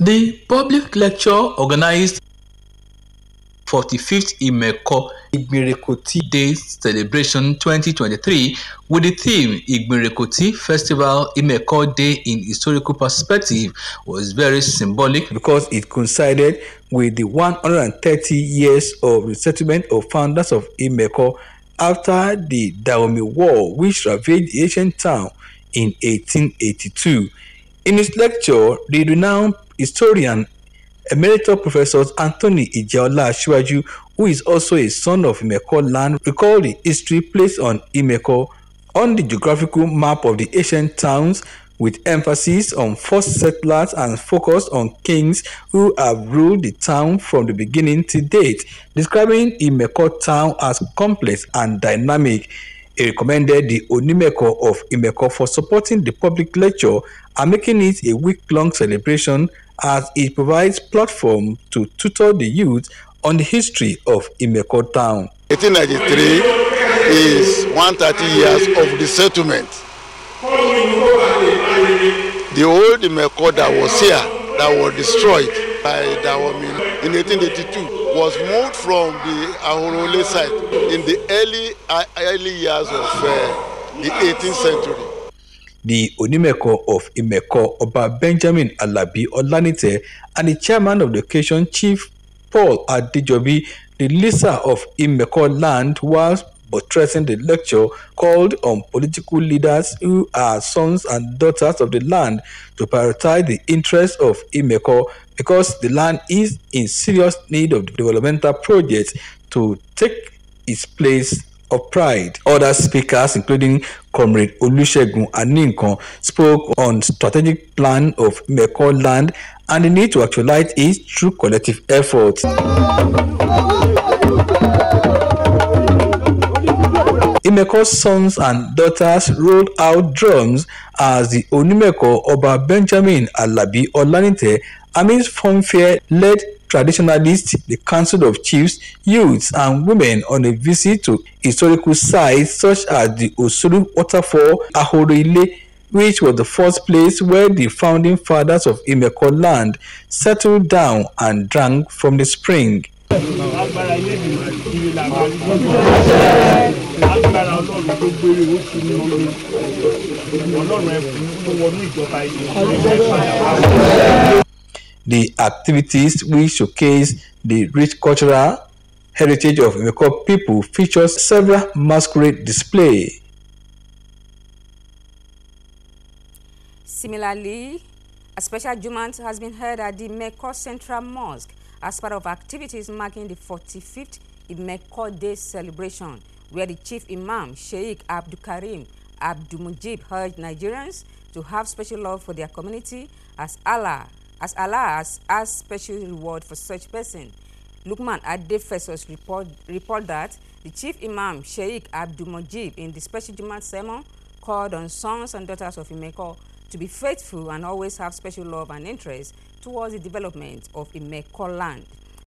The public lecture organized 45th Imeko Igbirekoti Day Celebration 2023 with the theme Igbirekoti Festival Imeko Day in Historical Perspective was very symbolic because it coincided with the 130 years of resettlement of founders of Imeko after the Daomi War which ravaged the ancient town in 1882. In his lecture, the renowned historian Emeritus Professor Anthony Ijeola Asiwaju, who is also a son of Imeko land, recalled the history placed on Imeko on the geographical map of the ancient towns with emphasis on first settlers and focus on kings who have ruled the town from the beginning to date, describing Imeko town as complex and dynamic. He recommended the Onimeko of Imeko for supporting the public lecture and making it a week-long celebration as it provides platform to tutor the youth on the history of Imeko town. 1893 is 130 years of the settlement. The old Imeko that was here, that was destroyed by Dawomin in 1882, was moved from the Ahorole site in the early, early years of uh, the 18th century. The Onimeko of Imeko, Oba Benjamin Alabi Olanite, and the chairman of the occasion, Chief Paul Adejobi, the leaser of Imeko land, was buttressing the lecture called on political leaders who are sons and daughters of the land to prioritize the interests of Imeko because the land is in serious need of developmental projects to take its place of Pride. Other speakers, including Comrade Olusegun Aninkan, spoke on strategic plan of Mekong land and the need to actualize it through collective efforts. Imeko sons and daughters rolled out drums as the Onimeko Oba Benjamin Alabi Olanite amidst funfair led traditionalists, the Council of Chiefs, youths, and women on a visit to historical sites such as the Osuru Waterfall, Ahorile, which was the first place where the founding fathers of Imeko land settled down and drank from the spring. agbára ilé tó wọnú ìjọba ìlú The activities which showcase the rich cultural heritage of Iweko people features several masquerade display. Similarly, a special jumat has been held at the Mecca Central Mosque as part of activities marking the 45th Imeko Day celebration, where the chief imam, Sheikh Abdul Karim Abdul Mujib, urged Nigerians to have special love for their community as Allah as Allah has asked special reward for such person. Lukman Adefesos report, report that the chief imam, Sheikh Abdul Mujib, in the special Jumat sermon, called on sons and daughters of Imeko to be faithful and always have special love and interest towards the development of Imeko land.